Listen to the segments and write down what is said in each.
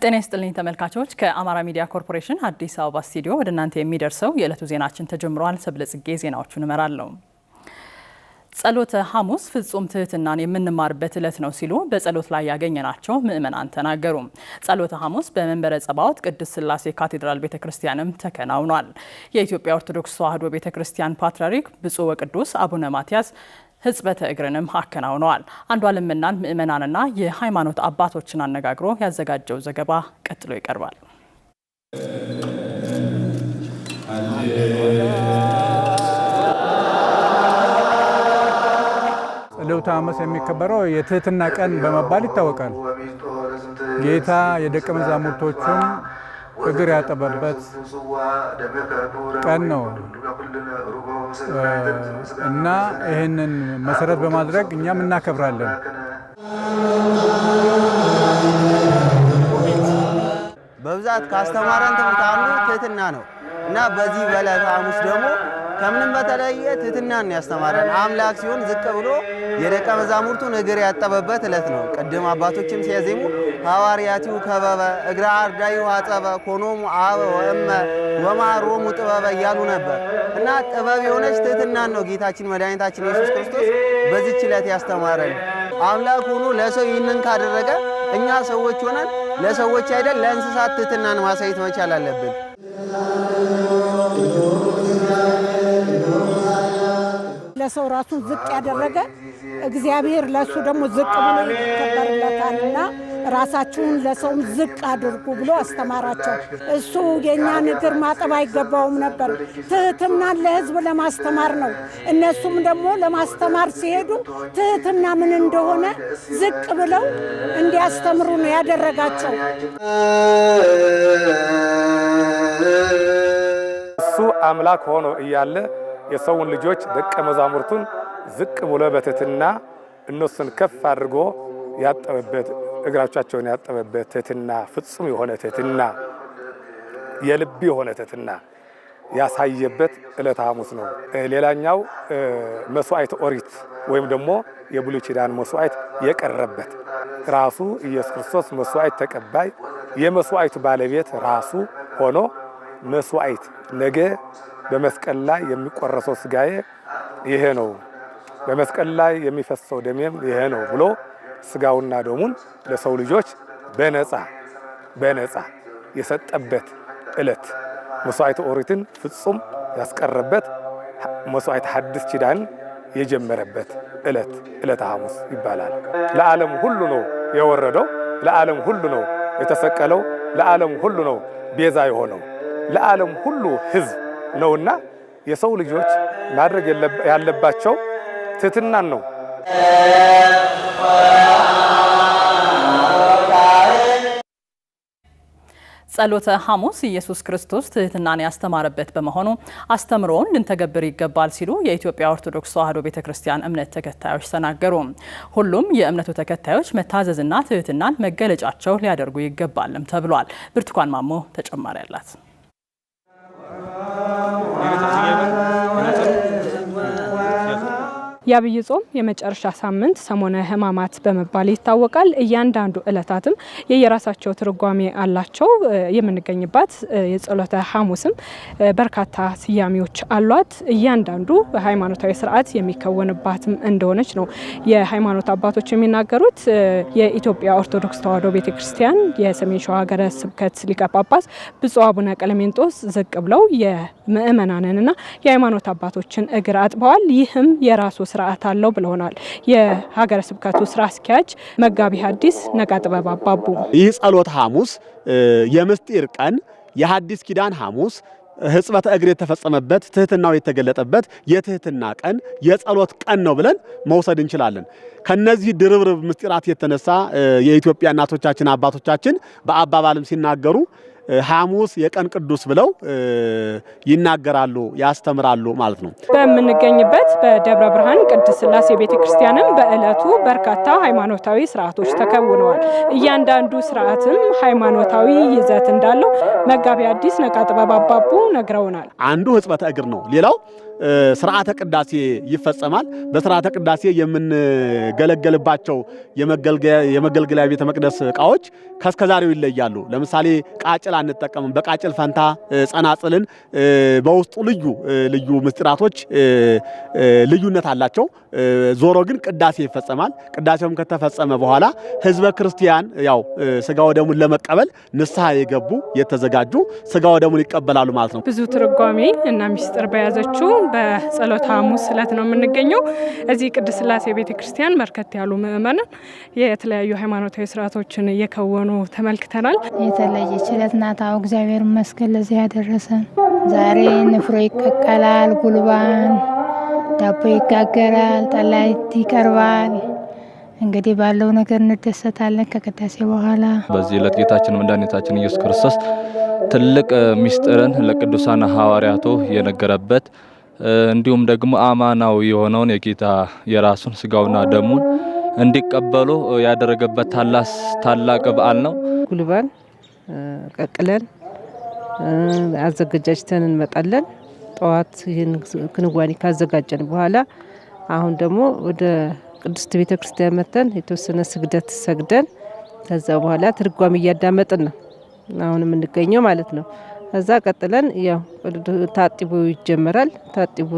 ጤና ይስጥልኝ ተመልካቾች። ከአማራ ሚዲያ ኮርፖሬሽን አዲስ አበባ ስቱዲዮ ወደ እናንተ የሚደርሰው የዕለቱ ዜናችን ተጀምሯል። ሰብለ ጽጌ ዜናዎቹን እመራለሁ። ጸሎተ ሐሙስ ፍጹም ትህትናን የምንማርበት ዕለት ነው ሲሉ በጸሎት ላይ ያገኘናቸው ምእመናን ተናገሩ። ጸሎተ ሐሙስ በመንበረ ጸባዖት ቅድስት ሥላሴ ካቴድራል ቤተ ክርስቲያንም ተከናውኗል። የኢትዮጵያ ኦርቶዶክስ ተዋሕዶ ቤተ ክርስቲያን ፓትርያርክ ብፁዕ ወቅዱስ አቡነ ማትያስ ሕጽበተ እግርንም አከናውነዋል። አንዷለም እናን ምእመናንና የሃይማኖት አባቶችን አነጋግሮ ያዘጋጀው ዘገባ ቀጥሎ ይቀርባል። በልውታ ሐሙስ የሚከበረው የትህትና ቀን በመባል ይታወቃል። ጌታ የደቀ መዛሙርቶቹን እግር ያጠበበት ቀን ነው እና ይህንን መሰረት በማድረግ እኛም እናከብራለን። በብዛት ካስተማረን ትምህርት አንዱ ትህትና ነው እና በዚህ በዕለተ ሐሙስ ደግሞ ከምንም በተለየ ትህትናን ያስተማረን አምላክ ሲሆን ዝቅ ብሎ የደቀ መዛሙርቱን እግር ያጠበበት ዕለት ነው። ቅድም አባቶችም ሲያዜሙ ሐዋርያቲሁ ከበበ እግረ አርዳይሁ አጠበ ኮኖሙ አበ ወእመ ወማሮሙ ጥበበ እያሉ ነበር እና ጥበብ የሆነች ትህትናን ነው ጌታችን መድኃኒታችን ኢየሱስ ክርስቶስ በዚች ዕለት ያስተማረን። አምላክ ሆኖ ለሰው ይህንን ካደረገ እኛ ሰዎች ሆነን ለሰዎች አይደል ለእንስሳት ትህትናን ማሳየት መቻል አለብን። ሰው ራሱን ዝቅ ያደረገ እግዚአብሔር ለእሱ ደግሞ ዝቅ ብሎ ይከበርለታልና ራሳችሁን ለሰውም ዝቅ አድርጉ ብሎ አስተማራቸው። እሱ የእኛን እግር ማጠብ አይገባውም ነበር። ትህትናን ለህዝብ ለማስተማር ነው። እነሱም ደግሞ ለማስተማር ሲሄዱ ትህትና ምን እንደሆነ ዝቅ ብለው እንዲያስተምሩ ነው ያደረጋቸው። እሱ አምላክ ሆኖ እያለ የሰውን ልጆች ደቀ መዛሙርቱን ዝቅ ብሎ በትህትና እነሱን ከፍ አድርጎ ያጠበበት እግራቻቸውን ያጠበበት ትህትና፣ ፍጹም የሆነ ትህትና፣ የልብ የሆነ ትህትና ያሳየበት ዕለተ ሐሙስ ነው። ሌላኛው መስዋዕት ኦሪት ወይም ደግሞ የብሉይ ኪዳን መስዋዕት የቀረበት ራሱ ኢየሱስ ክርስቶስ መስዋዕት ተቀባይ የመስዋዕቱ ባለቤት ራሱ ሆኖ መስዋዕት ነገ በመስቀል ላይ የሚቆረሰው ስጋዬ ይሄ ነው፣ በመስቀል ላይ የሚፈሰው ደሜም ይሄ ነው ብሎ ስጋውና ደሙን ለሰው ልጆች በነፃ በነፃ የሰጠበት ዕለት መስዋዕት ኦሪትን ፍጹም ያስቀረበት መስዋዕት ሐዲስ ኪዳን የጀመረበት ዕለት ዕለተ ሐሙስ ይባላል። ለዓለም ሁሉ ነው የወረደው፣ ለዓለም ሁሉ ነው የተሰቀለው፣ ለዓለም ሁሉ ነው ቤዛ የሆነው፣ ለዓለም ሁሉ ሕዝብ ነውና የሰው ልጆች ማድረግ ያለባቸው ትህትናን ነው። ጸሎተ ሐሙስ ኢየሱስ ክርስቶስ ትህትናን ያስተማረበት በመሆኑ አስተምሮውን ልንተገብር ይገባል ሲሉ የኢትዮጵያ ኦርቶዶክስ ተዋሕዶ ቤተ ክርስቲያን እምነት ተከታዮች ተናገሩ። ሁሉም የእምነቱ ተከታዮች መታዘዝና ትህትናን መገለጫቸው ሊያደርጉ ይገባልም ተብሏል። ብርቱካን ማሞ ተጨማሪ አላት። Amen. የአብይ ጾም የመጨረሻ ሳምንት ሰሞነ ሕማማት በመባል ይታወቃል። እያንዳንዱ እለታትም የየራሳቸው ትርጓሜ አላቸው። የምንገኝባት የጸሎተ ሐሙስም በርካታ ስያሜዎች አሏት። እያንዳንዱ ሃይማኖታዊ ስርዓት የሚከወንባትም እንደሆነች ነው የሃይማኖት አባቶች የሚናገሩት። የኢትዮጵያ ኦርቶዶክስ ተዋሕዶ ቤተ ክርስቲያን የሰሜን ሸዋ ሀገረ ስብከት ሊቀ ጳጳስ ብፁዕ አቡነ ቀለሜንጦስ ዝቅ ብለው የምእመናንንና የሃይማኖት አባቶችን እግር አጥበዋል። ይህም የራሱ ስርዓት አለው ብለውናል የሀገረ ስብከቱ ስራ አስኪያጅ መጋቢ ሐዲስ ነቃ ጥበብ አባቡ። ይህ ጸሎት ሐሙስ የምስጢር ቀን የሐዲስ ኪዳን ሐሙስ ህጽበተ እግር የተፈጸመበት ትህትናው የተገለጠበት የትህትና ቀን የጸሎት ቀን ነው ብለን መውሰድ እንችላለን። ከነዚህ ድርብርብ ምስጢራት የተነሳ የኢትዮጵያ እናቶቻችን አባቶቻችን በአባባልም ሲናገሩ ሐሙስ የቀን ቅዱስ ብለው ይናገራሉ፣ ያስተምራሉ ማለት ነው። በምንገኝበት በደብረ ብርሃን ቅድስት ስላሴ ቤተ ክርስቲያንም በዕለቱ በርካታ ሃይማኖታዊ ስርዓቶች ተከውነዋል። እያንዳንዱ ስርዓትም ሃይማኖታዊ ይዘት እንዳለው መጋቢ አዲስ ነቃ ጥበብ አባቡ ነግረውናል። አንዱ ሕጽበተ እግር ነው። ሌላው ስርዓተ ቅዳሴ ይፈጸማል። በስርዓተ ቅዳሴ የምንገለገልባቸው የመገልገያ ቤተ መቅደስ ዕቃዎች ከእስከዛሬው ይለያሉ። ለምሳሌ ቃጭላ እንጠቀምም። በቃጭል ፈንታ ጸናጽልን በውስጡ ልዩ ልዩ ምስጢራቶች ልዩነት አላቸው። ዞሮ ግን ቅዳሴ ይፈጸማል። ቅዳሴውም ከተፈጸመ በኋላ ህዝበ ክርስቲያን ያው ስጋ ወደሙን ለመቀበል ንስሐ የገቡ የተዘጋጁ ስጋ ወደሙን ይቀበላሉ ማለት ነው። ብዙ ትርጓሜ እና ሚስጥር በያዘችው በጸሎተ ሐሙስ ዕለት ነው የምንገኘው። እዚህ ቅድስት ስላሴ ቤተ ክርስቲያን በርከት ያሉ ምእመናን የተለያዩ ሃይማኖታዊ ስርዓቶችን እየከወኑ ተመልክተናል። የተለየ ቀናት አዎ እግዚአብሔር ይመስገን ለዚህ ያደረሰን። ዛሬ ንፍሮ ይቀቀላል፣ ጉልባን ዳቦ ይጋገራል፣ ጠላይት ይቀርባል። እንግዲህ ባለው ነገር እንደሰታለን ከቅዳሴ በኋላ። በዚህ ዕለት ጌታችን መድኃኒታችን ኢየሱስ ክርስቶስ ትልቅ ምስጢርን ለቅዱሳን ሐዋርያቱ የነገረበት እንዲሁም ደግሞ አማናዊ የሆነውን የጌታ የራሱን ስጋውና ደሙን እንዲቀበሉ ያደረገበት ታላቅ በዓል ነው ጉልባን ቀቅለን አዘገጃጅተን እንመጣለን። ጠዋት ይህን ክንዋኔ ካዘጋጀን በኋላ አሁን ደግሞ ወደ ቅድስት ቤተ ክርስቲያን መጥተን የተወሰነ ስግደት ሰግደን ከዛ በኋላ ትርጓም እያዳመጥን ነው አሁን የምንገኘው ማለት ነው። ከዛ ቀጥለን ያው ታጢቦ ይጀመራል። ታጢቦ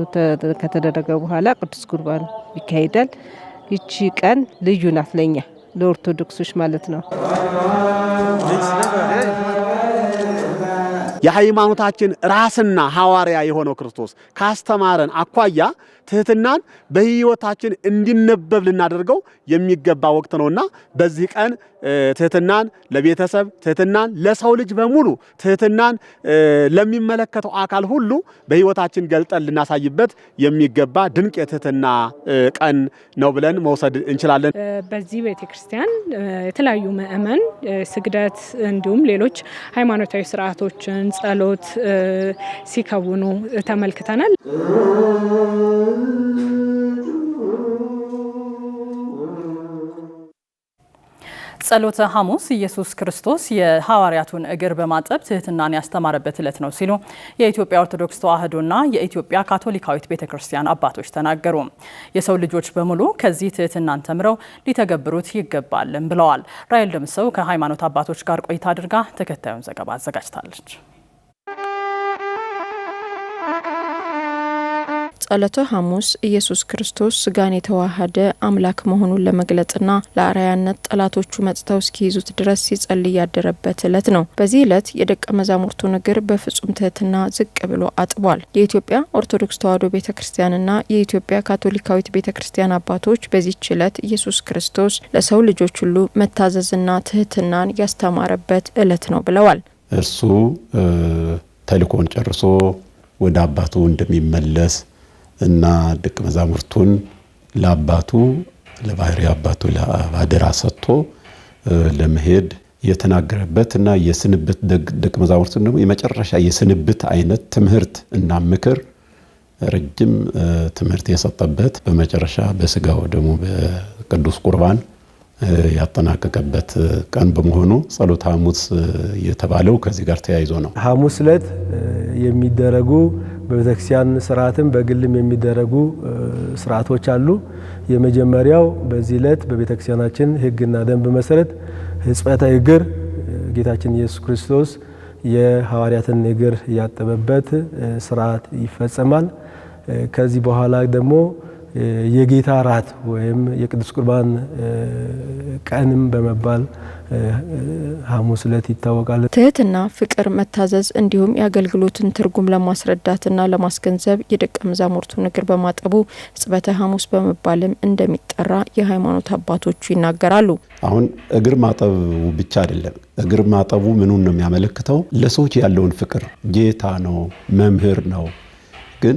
ከተደረገ በኋላ ቅዱስ ቁርባን ይካሄዳል። ይቺ ቀን ልዩ ናት ለኛ ለኦርቶዶክሶች ማለት ነው። የሃይማኖታችን ራስና ሐዋርያ የሆነው ክርስቶስ ካስተማረን አኳያ ትህትናን በህይወታችን እንዲነበብ ልናደርገው የሚገባ ወቅት ነውና በዚህ ቀን ትህትናን ለቤተሰብ፣ ትህትናን ለሰው ልጅ በሙሉ፣ ትህትናን ለሚመለከተው አካል ሁሉ በህይወታችን ገልጠን ልናሳይበት የሚገባ ድንቅ የትህትና ቀን ነው ብለን መውሰድ እንችላለን። በዚህ ቤተክርስቲያን የተለያዩ ምእመን ስግደት፣ እንዲሁም ሌሎች ሃይማኖታዊ ስርዓቶችን ጸሎት ሲከውኑ ተመልክተናል። ጸሎተ ሐሙስ ኢየሱስ ክርስቶስ የሐዋርያቱን እግር በማጠብ ትህትናን ያስተማረበት ዕለት ነው ሲሉ የኢትዮጵያ ኦርቶዶክስ ተዋሕዶና የኢትዮጵያ ካቶሊካዊት ቤተ ክርስቲያን አባቶች ተናገሩ። የሰው ልጆች በሙሉ ከዚህ ትህትናን ተምረው ሊተገብሩት ይገባልም ብለዋል። ራይል ደምሰው ከሃይማኖት አባቶች ጋር ቆይታ አድርጋ ተከታዩን ዘገባ አዘጋጅታለች። ጸለተ ሐሙስ ኢየሱስ ክርስቶስ ስጋን የተዋሃደ አምላክ መሆኑን ለመግለጽና ለአርአያነት ጠላቶቹ መጥተው እስኪይዙት ድረስ ሲጸልይ ያደረበት ዕለት ነው። በዚህ ዕለት የደቀ መዛሙርቱን እግር በፍጹም ትህትና ዝቅ ብሎ አጥቧል። የኢትዮጵያ ኦርቶዶክስ ተዋሕዶ ቤተ ክርስቲያንና የኢትዮጵያ ካቶሊካዊት ቤተ ክርስቲያን አባቶች በዚች ዕለት ኢየሱስ ክርስቶስ ለሰው ልጆች ሁሉ መታዘዝና ትህትናን ያስተማረበት ዕለት ነው ብለዋል። እርሱ ተልእኮን ጨርሶ ወደ አባቱ እንደሚመለስ እና ደቀ መዛሙርቱን ለአባቱ ለባህሪ አባቱ ለአደራ ሰጥቶ ለመሄድ የተናገረበት እና የስንብት ደቀ መዛሙርቱን ደግሞ የመጨረሻ የስንብት አይነት ትምህርት እና ምክር ረጅም ትምህርት የሰጠበት በመጨረሻ በስጋው ደግሞ በቅዱስ ቁርባን ያጠናቀቀበት ቀን በመሆኑ ጸሎት ሐሙስ የተባለው ከዚህ ጋር ተያይዞ ነው። ሐሙስ ዕለት የሚደረጉ በቤተክርስቲያን ስርዓትም በግልም የሚደረጉ ስርዓቶች አሉ። የመጀመሪያው በዚህ ዕለት በቤተክርስቲያናችን ሕግና ደንብ መሰረት ሕጽበተ እግር ጌታችን ኢየሱስ ክርስቶስ የሐዋርያትን እግር ያጠበበት ስርዓት ይፈጸማል። ከዚህ በኋላ ደግሞ የጌታ ራት ወይም የቅዱስ ቁርባን ቀንም በመባል ሐሙስ ዕለት ይታወቃል። ትህትና፣ ፍቅር፣ መታዘዝ እንዲሁም የአገልግሎትን ትርጉም ለማስረዳትና ለማስገንዘብ የደቀ መዛሙርቱን እግር በማጠቡ ጽበተ ሐሙስ በመባልም እንደሚጠራ የሃይማኖት አባቶቹ ይናገራሉ። አሁን እግር ማጠቡ ብቻ አይደለም። እግር ማጠቡ ምኑን ነው የሚያመለክተው? ለሰዎች ያለውን ፍቅር ጌታ ነው፣ መምህር ነው ግን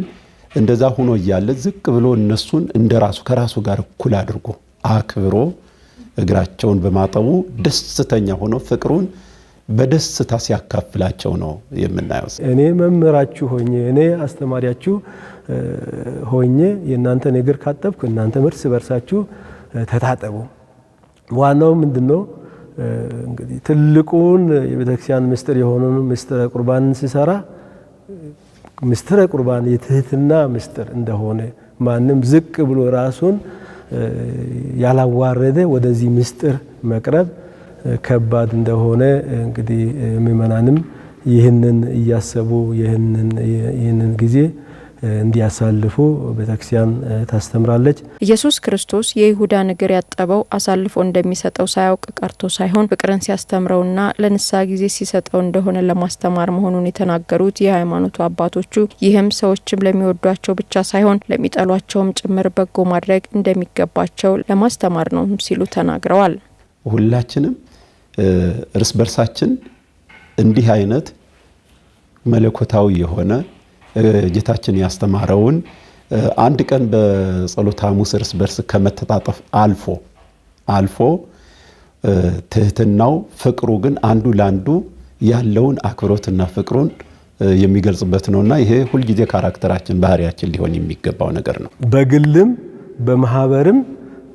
እንደዛ ሆኖ እያለ ዝቅ ብሎ እነሱን እንደ ራሱ ከራሱ ጋር እኩል አድርጎ አክብሮ እግራቸውን በማጠቡ ደስተኛ ሆኖ ፍቅሩን በደስታ ሲያካፍላቸው ነው የምናየው። እኔ መምህራችሁ ሆኜ እኔ አስተማሪያችሁ ሆኜ የእናንተን እግር ካጠብኩ እናንተ እርስ በርሳችሁ ተታጠቡ። ዋናው ምንድን ነው እንግዲህ ትልቁን የቤተክርስቲያን ምስጢር የሆኑን ምስጢረ ቁርባንን ሲሰራ። ምስጢረ ቁርባን የትህትና ምስጢር እንደሆነ ማንም ዝቅ ብሎ ራሱን ያላዋረደ ወደዚህ ምስጢር መቅረብ ከባድ እንደሆነ እንግዲህ ምእመናንም ይህንን እያሰቡ ይህንን ጊዜ እንዲያሳልፉ ቤተክርስቲያን ታስተምራለች። ኢየሱስ ክርስቶስ የይሁዳን እግር ያጠበው አሳልፎ እንደሚሰጠው ሳያውቅ ቀርቶ ሳይሆን ፍቅርን ሲያስተምረውና ለንስሐ ጊዜ ሲሰጠው እንደሆነ ለማስተማር መሆኑን የተናገሩት የሃይማኖቱ አባቶቹ ይህም ሰዎችም ለሚወዷቸው ብቻ ሳይሆን ለሚጠሏቸውም ጭምር በጎ ማድረግ እንደሚገባቸው ለማስተማር ነው ሲሉ ተናግረዋል። ሁላችንም እርስ በርሳችን እንዲህ አይነት መለኮታዊ የሆነ ጌታችን ያስተማረውን አንድ ቀን በጸሎተ ሐሙስ እርስ በርስ ከመተጣጠፍ አልፎ አልፎ ትህትናው ፍቅሩ ግን አንዱ ለአንዱ ያለውን አክብሮትና ፍቅሩን የሚገልጽበት ነውና ይሄ ሁልጊዜ ካራክተራችን ባህሪያችን ሊሆን የሚገባው ነገር ነው። በግልም በማህበርም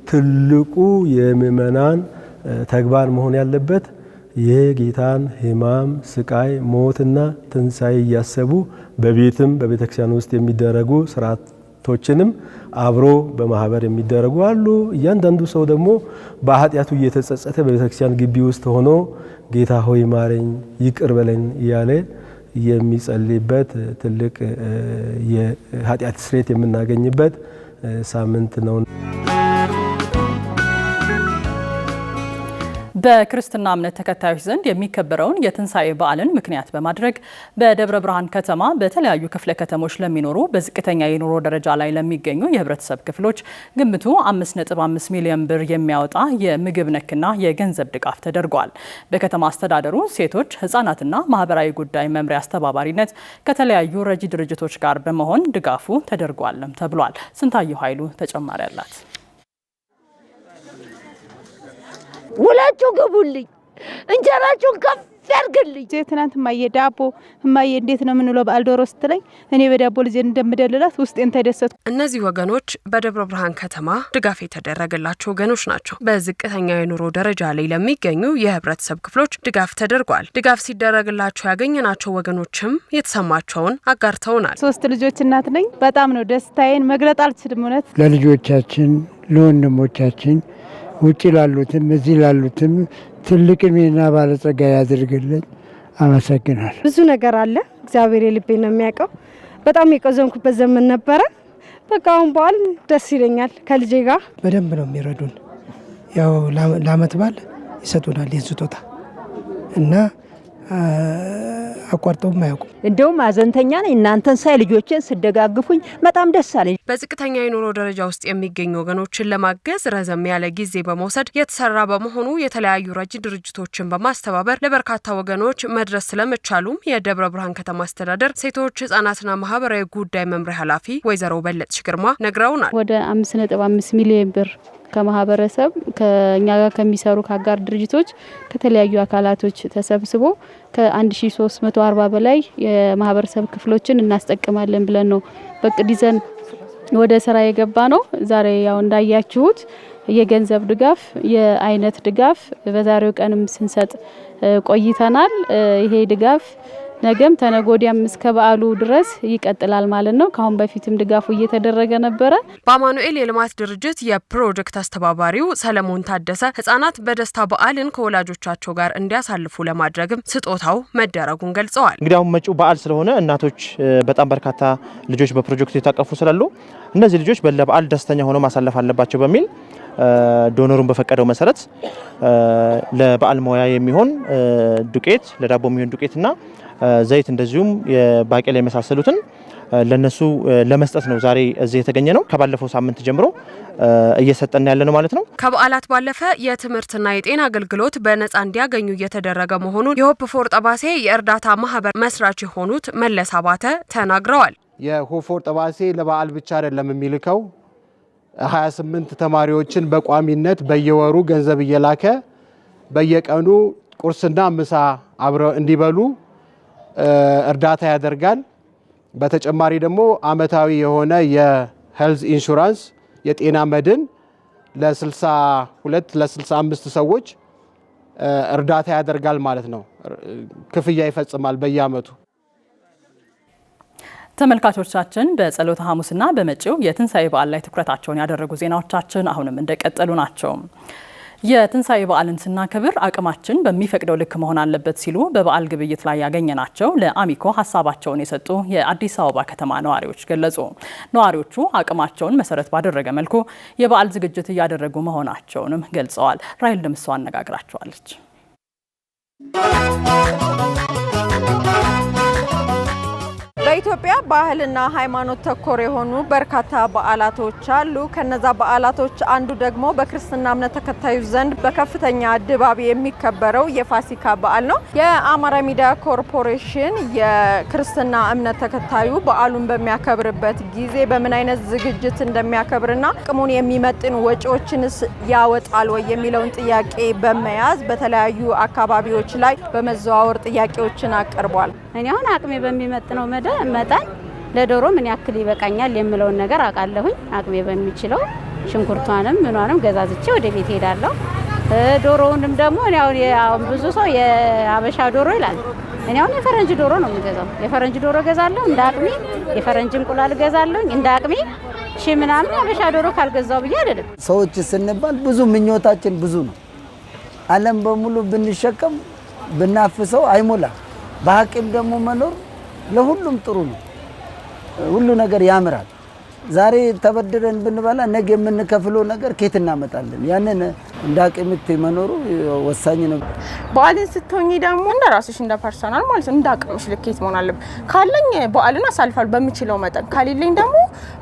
ትልቁ የምእመናን ተግባር መሆን ያለበት የጌታን ሕማም፣ ስቃይ፣ ሞትና ትንሣኤ እያሰቡ በቤትም በቤተ ክርስቲያን ውስጥ የሚደረጉ ስርዓቶችንም አብሮ በማህበር የሚደረጉ አሉ። እያንዳንዱ ሰው ደግሞ በኃጢአቱ እየተጸጸተ በቤተ ክርስቲያን ግቢ ውስጥ ሆኖ ጌታ ሆይ ማረኝ፣ ይቅር በለኝ እያለ የሚጸልይበት ትልቅ የኃጢአት ስሬት የምናገኝበት ሳምንት ነው። በክርስትና እምነት ተከታዮች ዘንድ የሚከበረውን የትንሣኤ በዓልን ምክንያት በማድረግ በደብረ ብርሃን ከተማ በተለያዩ ክፍለ ከተሞች ለሚኖሩ በዝቅተኛ የኑሮ ደረጃ ላይ ለሚገኙ የህብረተሰብ ክፍሎች ግምቱ 5.5 ሚሊዮን ብር የሚያወጣ የምግብ ነክና የገንዘብ ድጋፍ ተደርጓል። በከተማ አስተዳደሩ ሴቶች ህጻናትና ማህበራዊ ጉዳይ መምሪያ አስተባባሪነት ከተለያዩ ረጂ ድርጅቶች ጋር በመሆን ድጋፉ ተደርጓልም ተብሏል። ስንታየሁ ኃይሉ ተጨማሪ አላት። ውላችሁ ግቡልኝ፣ እንጀራችሁን ከፍ ያድርግልኝ። ትናንት እማዬ ዳቦ እማዬ እንዴት ነው የምንለው በዓል ዶሮ ስትለኝ እኔ በዳቦ ልጄን እንደምደልላት ውስጤን ተደሰትኩ። እነዚህ ወገኖች በደብረ ብርሃን ከተማ ድጋፍ የተደረገላቸው ወገኖች ናቸው። በዝቅተኛ የኑሮ ደረጃ ላይ ለሚገኙ የህብረተሰብ ክፍሎች ድጋፍ ተደርጓል። ድጋፍ ሲደረግላቸው ያገኘናቸው ወገኖችም የተሰማቸውን አጋርተውናል። ሶስት ልጆች እናት ነኝ። በጣም ነው ደስታዬን መግለጥ አልችልም። እውነት ለልጆቻችን ለወንድሞቻችን ውጭ ላሉትም እዚህ ላሉትም ትልቅ ሚና ባለጸጋ ያድርግልን። አመሰግናል። ብዙ ነገር አለ። እግዚአብሔር የልቤ ነው የሚያውቀው። በጣም የቀዘንኩበት ዘመን ነበረ። በቃ አሁን በዓል ደስ ይለኛል። ከልጄ ጋር በደንብ ነው የሚረዱን። ያው ለአመት በዓል ይሰጡናል ይህን ስጦታ እና አቋርጠው ማያውቁ እንደውም አዘንተኛ ነኝ። እናንተን ሳይ ልጆችን ስደጋግፉኝ በጣም ደስ አለኝ። በዝቅተኛ የኑሮ ደረጃ ውስጥ የሚገኙ ወገኖችን ለማገዝ ረዘም ያለ ጊዜ በመውሰድ የተሰራ በመሆኑ የተለያዩ ረጅ ድርጅቶችን በማስተባበር ለበርካታ ወገኖች መድረስ ስለመቻሉም የደብረ ብርሃን ከተማ አስተዳደር ሴቶች ህጻናትና ማህበራዊ ጉዳይ መምሪያ ኃላፊ ወይዘሮ በለጥሽ ግርማ ነግረውናል። ወደ አምስት ነጥብ አምስት ሚሊዮን ብር ከማህበረሰብ ከእኛ ጋር ከሚሰሩ ከአጋር ድርጅቶች ከተለያዩ አካላቶች ተሰብስቦ ከ1340 በላይ የማህበረሰብ ክፍሎችን እናስጠቅማለን ብለን ነው በቅድ ይዘን ወደ ስራ የገባ ነው። ዛሬ ያው እንዳያችሁት የገንዘብ ድጋፍ፣ የአይነት ድጋፍ በዛሬው ቀንም ስንሰጥ ቆይተናል። ይሄ ድጋፍ ነገም ተነጎዲያም እስከ በዓሉ ድረስ ይቀጥላል ማለት ነው። ከአሁን በፊትም ድጋፉ እየተደረገ ነበረ። በአማኑኤል የልማት ድርጅት የፕሮጀክት አስተባባሪው ሰለሞን ታደሰ ህጻናት በደስታ በዓልን ከወላጆቻቸው ጋር እንዲያሳልፉ ለማድረግም ስጦታው መደረጉን ገልጸዋል። እንግዲህ አሁን መጪው በዓል ስለሆነ እናቶች በጣም በርካታ ልጆች በፕሮጀክቱ የታቀፉ ስላሉ እነዚህ ልጆች ለበዓል ደስተኛ ሆነው ማሳለፍ አለባቸው በሚል ዶኖሩን በፈቀደው መሰረት ለበዓል ሞያ የሚሆን ዱቄት፣ ለዳቦ የሚሆን ዱቄትና ዘይት እንደዚሁም የባቄላ የመሳሰሉትን ለነሱ ለመስጠት ነው ዛሬ እዚህ የተገኘ ነው። ከባለፈው ሳምንት ጀምሮ እየሰጠን ያለ ነው ማለት ነው። ከበዓላት ባለፈ የትምህርትና የጤና አገልግሎት በነጻ እንዲያገኙ እየተደረገ መሆኑን የሆፕ ፎር ጠባሴ የእርዳታ ማህበር መስራች የሆኑት መለስ አባተ ተናግረዋል። የሆፕ ፎር ጠባሴ ለበዓል ብቻ አይደለም የሚልከው 28 ተማሪዎችን በቋሚነት በየወሩ ገንዘብ እየላከ በየቀኑ ቁርስና ምሳ አብረው እንዲበሉ እርዳታ ያደርጋል። በተጨማሪ ደግሞ አመታዊ የሆነ የሄልዝ ኢንሹራንስ የጤና መድን ለ62 ለ65 ሰዎች እርዳታ ያደርጋል ማለት ነው። ክፍያ ይፈጽማል በየአመቱ። ተመልካቾቻችን በጸሎተ ሐሙስና በመጪው የትንሣኤ በዓል ላይ ትኩረታቸውን ያደረጉ ዜናዎቻችን አሁንም እንደቀጠሉ ናቸው። የትንሣኤ በዓልን ስናከብር አቅማችን በሚፈቅደው ልክ መሆን አለበት ሲሉ በበዓል ግብይት ላይ ያገኘናቸው ለአሚኮ ሀሳባቸውን የሰጡ የአዲስ አበባ ከተማ ነዋሪዎች ገለጹ። ነዋሪዎቹ አቅማቸውን መሰረት ባደረገ መልኩ የበዓል ዝግጅት እያደረጉ መሆናቸውንም ገልጸዋል። ራይል ድምሶ አነጋግራቸዋለች። በኢትዮጵያ ባህልና ሃይማኖት ተኮር የሆኑ በርካታ በዓላቶች አሉ። ከነዛ በዓላቶች አንዱ ደግሞ በክርስትና እምነት ተከታዩ ዘንድ በከፍተኛ ድባብ የሚከበረው የፋሲካ በዓል ነው። የአማራ ሚዲያ ኮርፖሬሽን የክርስትና እምነት ተከታዩ በዓሉን በሚያከብርበት ጊዜ በምን አይነት ዝግጅት እንደሚያከብርና አቅሙን የሚመጥን ወጪዎችንስ ያወጣል ወይ የሚለውን ጥያቄ በመያዝ በተለያዩ አካባቢዎች ላይ በመዘዋወር ጥያቄዎችን አቅርቧል። እኔ አሁን አቅሜ በሚመጥነው መጠን ለዶሮ ምን ያክል ይበቃኛል የምለውን ነገር አውቃለሁኝ። አቅሜ በሚችለው ሽንኩርቷንም ምኗንም ገዛዝቼ ወደ ቤት ሄዳለሁ። ዶሮውንም ደግሞ እኔ አሁን ብዙ ሰው የአበሻ ዶሮ ይላል። እኔ አሁን የፈረንጅ ዶሮ ነው የምገዛው። የፈረንጅ ዶሮ ገዛለሁ እንደ አቅሜ። የፈረንጅ እንቁላል ገዛለሁ እንደ አቅሜ። ሺ ምናምን አበሻ ዶሮ ካልገዛው ብዬ አይደለም። ሰዎች ስንባል ብዙ ምኞታችን ብዙ ነው። ዓለም በሙሉ ብንሸከም ብናፍሰው አይሞላም። በሀቂም ደግሞ መኖር ለሁሉም ጥሩ ነው። ሁሉ ነገር ያምራል። ዛሬ ተበድረን ብንበላ ነገ የምንከፍለው ነገር ኬት እናመጣለን? ያንን እንዳቅምት መኖሩ ወሳኝ ነው። በዓልን ስትሆኝ ደግሞ እንደ ራስሽ እንደ ፐርሰናል ማለት ነው እንደ አቅምሽ ልኬት መሆን ካለኝ በዓልን አሳልፋል በምችለው መጠን፣ ከሌለኝ ደግሞ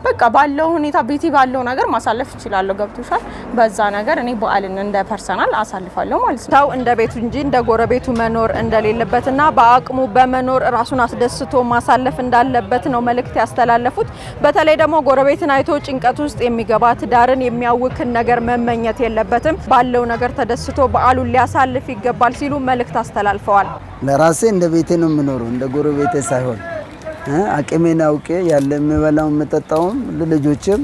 በቃ ባለው ሁኔታ ቤቴ ባለው ነገር ማሳለፍ እችላለሁ። ገብቶሻል? በዛ ነገር እኔ በዓልን እንደ ፐርሰናል አሳልፋለሁ ማለት ነው። ሰው እንደ ቤቱ እንጂ እንደ ጎረቤቱ መኖር እንደሌለበትና በአቅሙ በመኖር ራሱን አስደስቶ ማሳለፍ እንዳለበት ነው መልእክት ያስተላለፉት። በተለይ ደግሞ ጎረቤትን አይቶ ጭንቀት ውስጥ የሚገባ ትዳርን የሚያውክን ነገር መመኘት የለበትም። ባለው ነገር ተደስቶ በዓሉን ሊያሳልፍ ይገባል ሲሉ መልእክት አስተላልፈዋል። ለራሴ እንደ ቤቴ ነው የምኖረው እንደ ጎረቤቴ ሳይሆን አቅሜን አውቄ ያለ የሚበላው የምጠጣውም ለልጆችም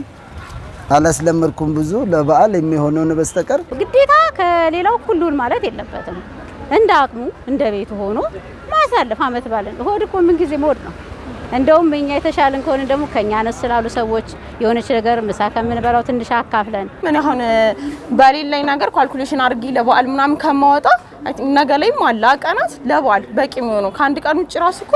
አላስለመድኩም ብዙ ለበዓል የሚሆነውን በስተቀር ግዴታ ከሌላው ሁሉን ማለት የለበትም። እንደ አቅሙ እንደ ቤቱ ሆኖ ማሳለፍ አመት ባለን ሆድ እኮ ምን ጊዜ ሞድ ነው እንደውም እኛ የተሻልን ከሆነ ደግሞ ከኛ አነስ ስላሉ ሰዎች የሆነች ነገር ምሳ ከምንበላው ትንሽ አካፍለን ምን አሁን በሌለኝ ነገር ካልኩሌሽን አድርጊ ለበዓል ምናምን ከማወጣ ነገ ላይም አለ ቀናት ለበዓል በቂ የሚሆነው ከአንድ ቀን ውጭ ራሱ እኮ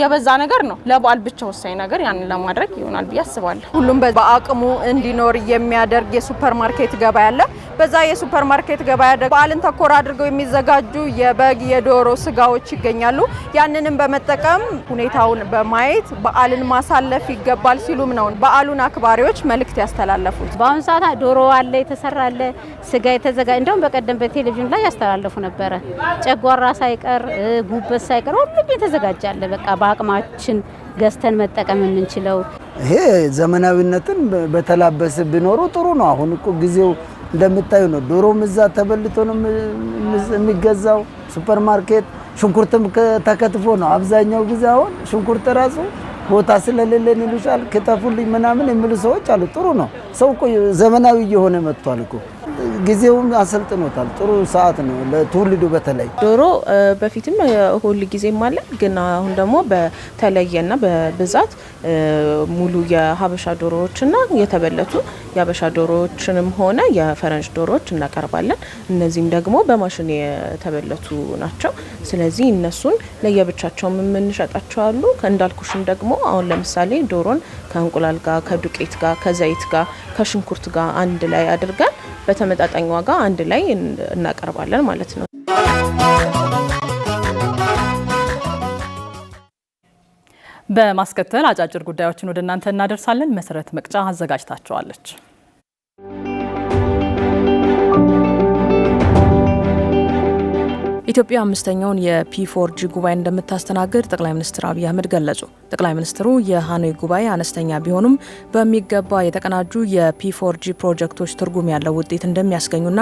የበዛ ነገር ነው። ለበዓል ብቻ ወሳኝ ነገር ያንን ለማድረግ ይሆናል ብዬ አስባለሁ። ሁሉም በአቅሙ እንዲኖር የሚያደርግ የሱፐር ማርኬት ገበያ አለ። በዛ የሱፐር ማርኬት ገበያ ደግሞ በዓልን ተኮር አድርገው የሚዘጋጁ የበግ የዶሮ ስጋዎች ይገኛሉ። ያንንም በመጠቀም ሁኔታውን በማየት በዓልን ማሳለፍ ይገባል ሲሉም ነው በዓሉን አክባሪዎች መልእክት ያስተላለፉት። በአሁኑ ሰዓት ዶሮ አለ፣ የተሰራ አለ፣ ስጋ የተዘጋ እንደውም በቀደም በቴሌቪዥን ላይ ያስተላለፉ ነበረ። ጨጓራ ሳይቀር ጉበት ሳይቀር ሁሉም የተዘጋጃለ በቃ በአቅማችን ገዝተን መጠቀም የምንችለው። ይሄ ዘመናዊነትን በተላበሰ ቢኖሩ ጥሩ ነው። አሁን እኮ ጊዜው እንደምታዩ ነው። ዶሮም እዛ ተበልቶ ነው የሚገዛው ሱፐር ማርኬት። ሽንኩርትም ተከትፎ ነው አብዛኛው ጊዜ። አሁን ሽንኩርት ራሱ ቦታ ስለሌለን ይሉሻል፣ ክተፉልኝ ምናምን የሚሉ ሰዎች አሉ። ጥሩ ነው። ሰው እኮ ዘመናዊ እየሆነ መጥቷል እኮ ጊዜውን አሰልጥኖታል። ጥሩ ሰዓት ነው ለትውልዱ። በተለይ ዶሮ በፊትም ሁል ጊዜም አለ፣ ግን አሁን ደግሞ በተለየና በብዛት ሙሉ የሀበሻ ዶሮዎችና የተበለቱ የሀበሻ ዶሮዎችንም ሆነ የፈረንጅ ዶሮዎች እናቀርባለን። እነዚህም ደግሞ በማሽን የተበለቱ ናቸው። ስለዚህ እነሱን ለየብቻቸውም የምንሸጣቸው አሉ። እንዳልኩሽም ደግሞ አሁን ለምሳሌ ዶሮን ከእንቁላል ጋር፣ ከዱቄት ጋር፣ ከዘይት ጋር፣ ከሽንኩርት ጋር አንድ ላይ አድርገን በተመጣጣኝ ዋጋ አንድ ላይ እናቀርባለን ማለት ነው። በማስከተል አጫጭር ጉዳዮችን ወደ እናንተ እናደርሳለን። መሰረት መቅጫ አዘጋጅታቸዋለች። ኢትዮጵያ አምስተኛውን የፒ ፎር ጂ ጉባኤ እንደምታስተናግድ ጠቅላይ ሚኒስትር አብይ አህመድ ገለጹ። ጠቅላይ ሚኒስትሩ የሃኖይ ጉባኤ አነስተኛ ቢሆኑም በሚገባ የተቀናጁ የፒፎርጂ ፕሮጀክቶች ትርጉም ያለው ውጤት እንደሚያስገኙና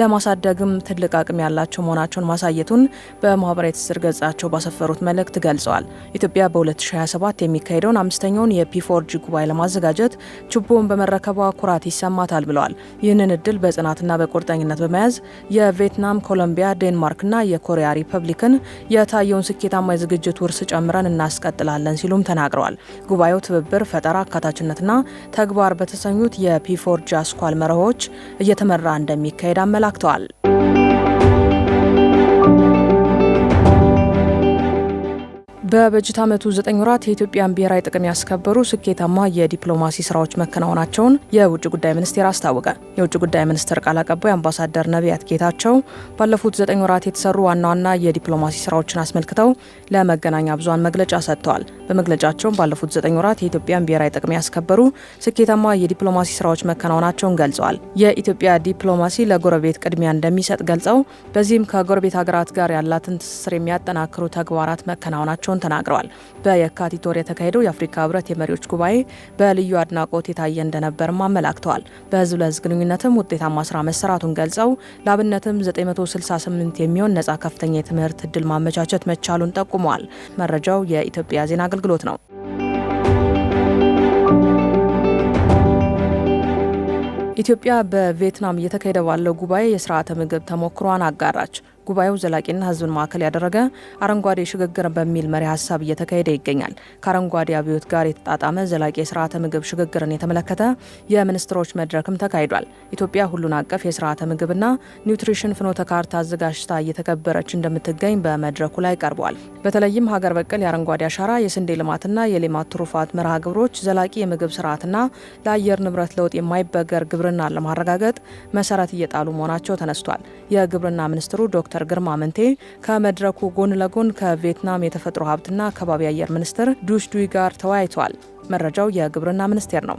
ለማሳደግም ትልቅ አቅም ያላቸው መሆናቸውን ማሳየቱን በማህበራዊ ትስስር ገጻቸው ባሰፈሩት መልእክት ገልጸዋል። ኢትዮጵያ በ2027 የሚካሄደውን አምስተኛውን የፒፎርጂ ጉባኤ ለማዘጋጀት ችቦውን በመረከቧ ኩራት ይሰማታል ብለዋል። ይህንን እድል በጽናትና በቁርጠኝነት በመያዝ የቪየትናም፣ ኮሎምቢያ፣ ዴንማርክና የኮሪያ ሪፐብሊክን የታየውን ስኬታማ የዝግጅት ውርስ ጨምረን እናስቀጥላለን ሲሉም ተናግረዋል። ጉባኤው ትብብር፣ ፈጠራ፣ አካታችነትና ተግባር በተሰኙት የፒፎርጂ አስኳል መርሆች እየተመራ እንደሚካሄድ አመላክተዋል። በበጀት ዓመቱ 9 ወራት የኢትዮጵያን ብሔራዊ ጥቅም ያስከበሩ ስኬታማ የዲፕሎማሲ ስራዎች መከናወናቸውን የውጭ ጉዳይ ሚኒስቴር አስታወቀ። የውጭ ጉዳይ ሚኒስቴር ቃል አቀባይ አምባሳደር ነቢያት ጌታቸው ባለፉት 9 ወራት የተሰሩ ዋና ዋና የዲፕሎማሲ ስራዎችን አስመልክተው ለመገናኛ ብዙሃን መግለጫ ሰጥተዋል። በመግለጫቸውም ባለፉት 9 ወራት የኢትዮጵያን ብሔራዊ ጥቅም ያስከበሩ ስኬታማ የዲፕሎማሲ ስራዎች መከናወናቸውን ገልጸዋል። የኢትዮጵያ ዲፕሎማሲ ለጎረቤት ቅድሚያ እንደሚሰጥ ገልጸው በዚህም ከጎረቤት ሀገራት ጋር ያላትን ትስስር የሚያጠናክሩ ተግባራት መከናወናቸውን መሆኑን ተናግረዋል። በየካቲት ወር የተካሄደው የአፍሪካ ህብረት የመሪዎች ጉባኤ በልዩ አድናቆት የታየ እንደነበርም አመላክተዋል። በህዝብ ለህዝብ ግንኙነትም ውጤታማ ስራ መሰራቱን ገልጸው ለአብነትም 968 የሚሆን ነጻ ከፍተኛ የትምህርት እድል ማመቻቸት መቻሉን ጠቁመዋል። መረጃው የኢትዮጵያ ዜና አገልግሎት ነው። ኢትዮጵያ በቪየትናም እየተካሄደ ባለው ጉባኤ የስርዓተ ምግብ ተሞክሯን አጋራች። ጉባኤው ዘላቂና ህዝብን ማዕከል ያደረገ አረንጓዴ ሽግግር በሚል መሪ ሀሳብ እየተካሄደ ይገኛል። ከአረንጓዴ አብዮት ጋር የተጣጣመ ዘላቂ የስርዓተ ምግብ ሽግግርን የተመለከተ የሚኒስትሮች መድረክም ተካሂዷል። ኢትዮጵያ ሁሉን አቀፍ የስርዓተ ምግብና ኒውትሪሽን ፍኖተ ካርታ አዘጋጅታ እየተከበረች እንደምትገኝ በመድረኩ ላይ ቀርበዋል። በተለይም ሀገር በቀል የአረንጓዴ አሻራ፣ የስንዴ ልማትና የሌማት ትሩፋት መርሃ ግብሮች ዘላቂ የምግብ ስርዓትና ለአየር ንብረት ለውጥ የማይበገር ግብርና ለማረጋገጥ መሰረት እየጣሉ መሆናቸው ተነስቷል። የግብርና ሚኒስትሩ ዶክተር ዶክተር ግርማ መንቴ ከመድረኩ ጎን ለጎን ከቪየትናም የተፈጥሮ ሀብትና አካባቢ አየር ሚኒስትር ዱሽ ዱይ ጋር ተወያይተዋል። መረጃው የግብርና ሚኒስቴር ነው።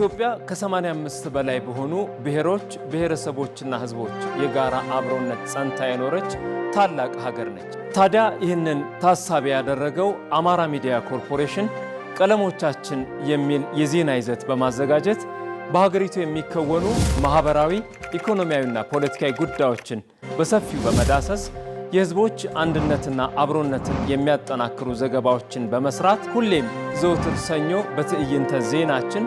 ኢትዮጵያ ከ85 በላይ በሆኑ ብሔሮች፣ ብሔረሰቦችና ሕዝቦች የጋራ አብሮነት ጸንታ የኖረች ታላቅ ሀገር ነች። ታዲያ ይህንን ታሳቢ ያደረገው አማራ ሚዲያ ኮርፖሬሽን ቀለሞቻችን የሚል የዜና ይዘት በማዘጋጀት በሀገሪቱ የሚከወኑ ማኅበራዊ፣ ኢኮኖሚያዊና ፖለቲካዊ ጉዳዮችን በሰፊው በመዳሰስ የህዝቦች አንድነትና አብሮነትን የሚያጠናክሩ ዘገባዎችን በመስራት ሁሌም ዘውትር ሰኞ በትዕይንተ ዜናችን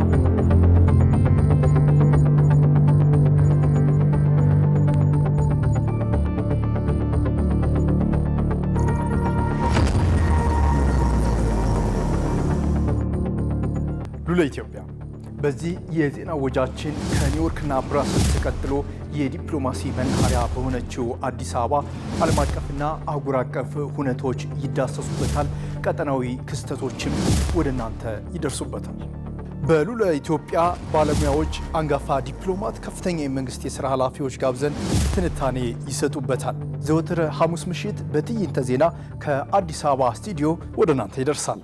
ሉላ ኢትዮጵያ በዚህ የዜና ወጃችን ከኒውዮርክና ብራስልስ ተቀጥሎ የዲፕሎማሲ መናኸሪያ በሆነችው አዲስ አበባ ዓለም አቀፍና አህጉር አቀፍ ሁነቶች ይዳሰሱበታል። ቀጠናዊ ክስተቶችም ወደ እናንተ ይደርሱበታል። በሉላ ኢትዮጵያ ባለሙያዎች፣ አንጋፋ ዲፕሎማት፣ ከፍተኛ የመንግስት የሥራ ኃላፊዎች ጋብዘን ትንታኔ ይሰጡበታል። ዘወትር ሐሙስ ምሽት በትዕይንተ ዜና ከአዲስ አበባ ስቱዲዮ ወደ እናንተ ይደርሳል።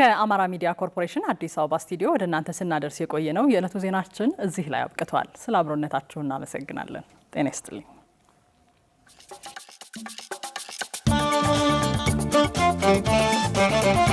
ከአማራ ሚዲያ ኮርፖሬሽን አዲስ አበባ ስቱዲዮ ወደ እናንተ ስናደርስ የቆየ ነው። የዕለቱ ዜናችን እዚህ ላይ አብቅቷል። ስለ አብሮነታችሁ እናመሰግናለን። ጤና ይስጥልኝ።